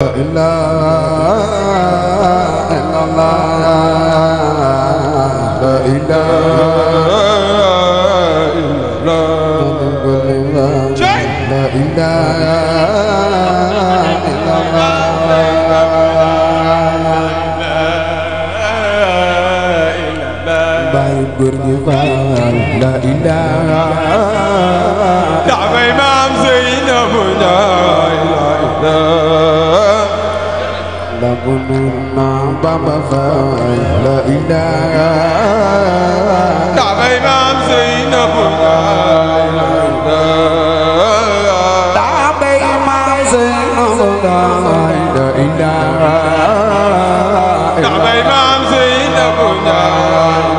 la như baik là in ilaha Đã phải mang dưới nở vui đời La ilaha La gununa baba vai là in ilaha Đã phải mang dưới nở vui đời La ilaha Đã phải mang dưới nở vui đời La ilaha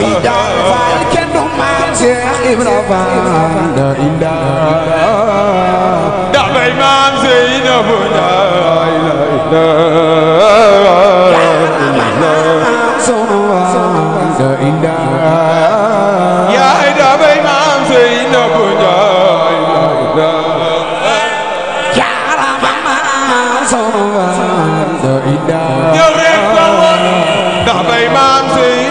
Farida Fall kenn du maam Cheikh Ibra Fall la ilaha da bay maam Seynabou la ilaha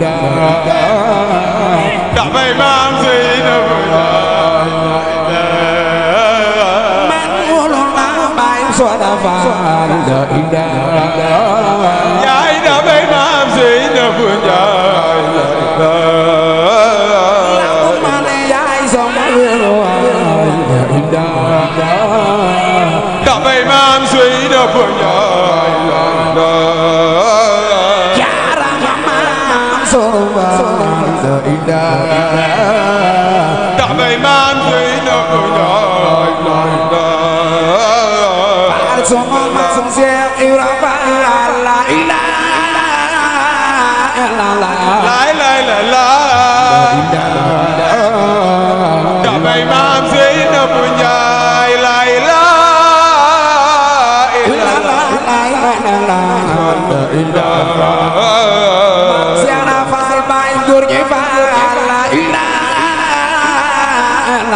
đã phải mang gì đâu mang mua luôn má bài xóa đã vào đời đã giải đã phải mang gì đâu vừa đời Đã phải mang suy đâu vừa nhỏ إله دع بيمان زينا لا إله إلا بعثم المنزل إرفع لا إله إلا الله لا إله إلا الله دع بيمان زينا بنيا لا إله إلا الله لا إله إلا الله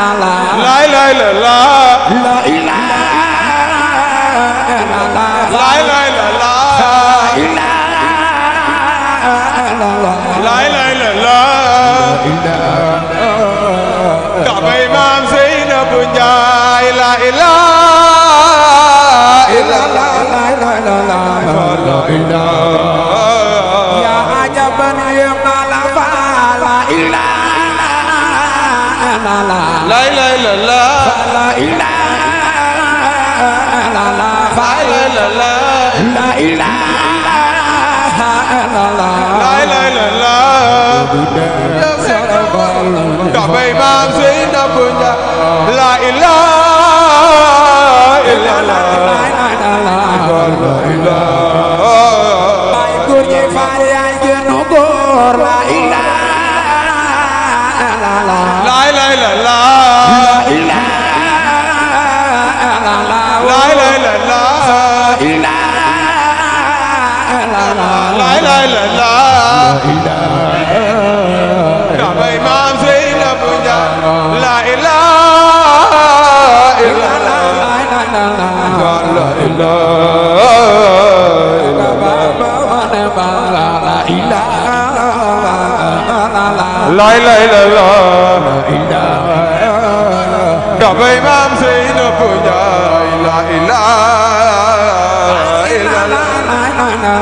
Kaaba Maam Zeynab Njaay lay lay la la ndax bay maam Zeynab Njaay la ilaha illa la la la la Dabay maam Seynabou Ndiaye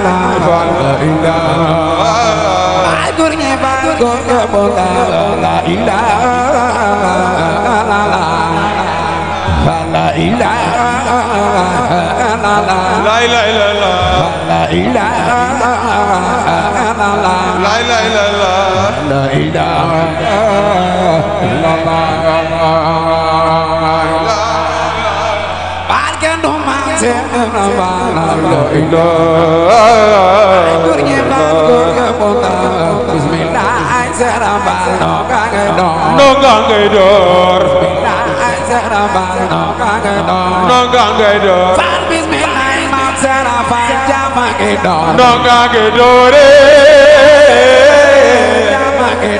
la ilaha illallah no, gedore. Nonga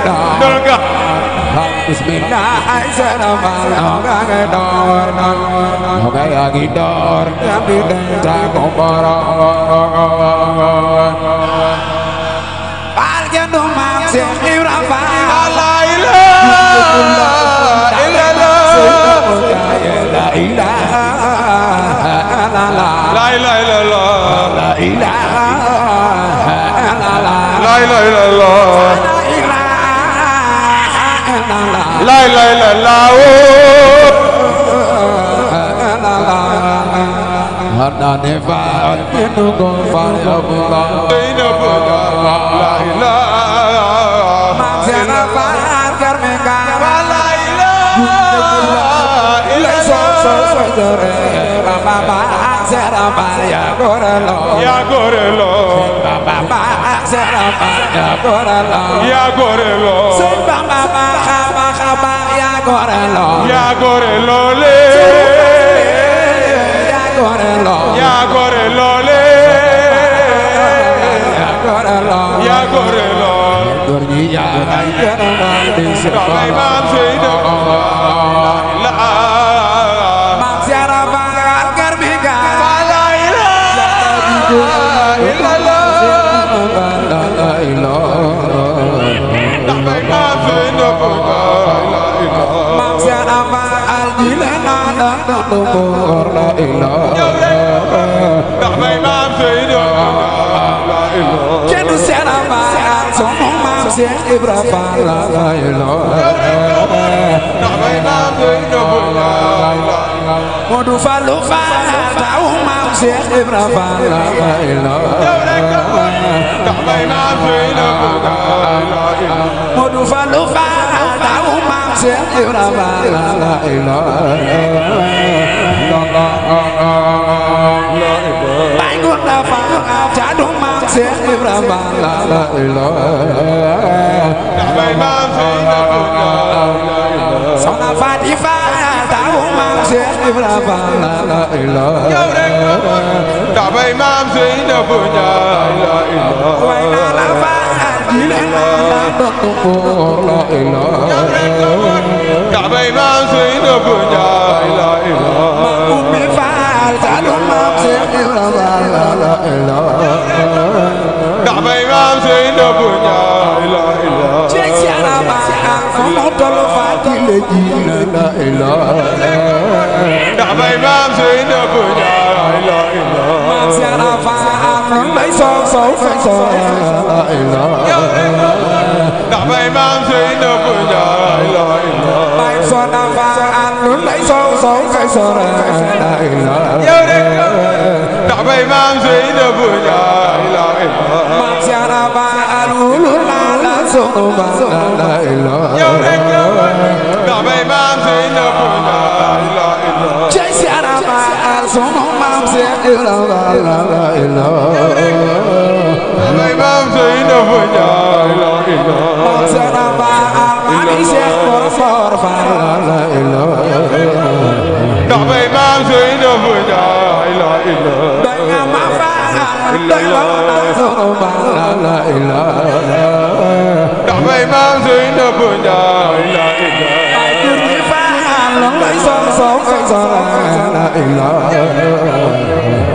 no Bismillahirrahmanirrahim. Okay, gitar yang didendang komporong. Algen domak sing ora ana ne faal kenn ko faal abula la ilaha man sena faal karme ka la ilaha illa so so so dore baba sera faal ya gorelo ya gorelo baba sera faal ya gorelo ya gorelo sen baba khaba khaba ya gorelo ya gorelo le gore lo ya gore lo le ya gore lo ya gore lo gorni ya ay ya man نمور لا إله ndax may maam Seydou la ilaha kenn seen maam sunu maam Cheikh Ibra Fall la ilaha ndax may maam Seydou la ilaha Modu Fallu Fall taw maam Cheikh Ibra Fall la ilaha ndax may maam Seydou la ilaha Modu Fallu Fall taw maam Cheikh Ibra Fall la ilaha ngút là vàng à chả đúng mang sẽ im ra vàng là lợi lời sau là phát đi pha ta đúng mang sẽ im ra vàng là lời lợi đã bay mang sẽ đâu vừa nhà lợi lời quay na là pha chỉ là là đất tổ phụ lợi lợi đã bay mang sẽ đâu vừa nhà lợi lợi talu maam Cheikh Ibrahima la la ilaha ndax bay maam Seydou Bouna la ilaha Cheikh Sera Ba fa ma tollu Fatima ji la la ilaha ndax bay maam Seydou Bouna lời lời lời mà sẽ là pha những lấy son xấu sang son lời lời đã bay mang suy được vui lời lời lời bay son đã pha ăn những lấy son xấu sang mang suy được vui lời lời mà sẽ là pha ăn lũ lũ la la son mang suy được vui lời lời lời xuống hôm nam sẽ yêu là là là là là Lời nam sẽ yêu vui nhà là là Một giờ là ba an lá đi sẽ có phở và là là là Đỏ về nam sẽ yêu vui nhà là là Đời ngà má phá an đây là là là là là Đỏ về nam sẽ yêu vui nhà là là Ai cứ nghĩ phá an lắm lấy sống sống لا إله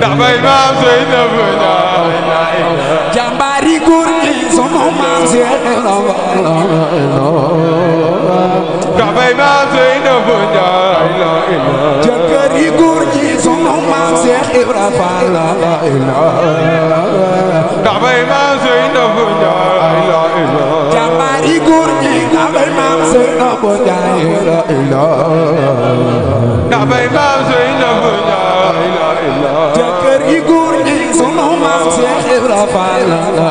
دابا إمام زينب لا إله جامباري قولي سنو ما زينب لا إله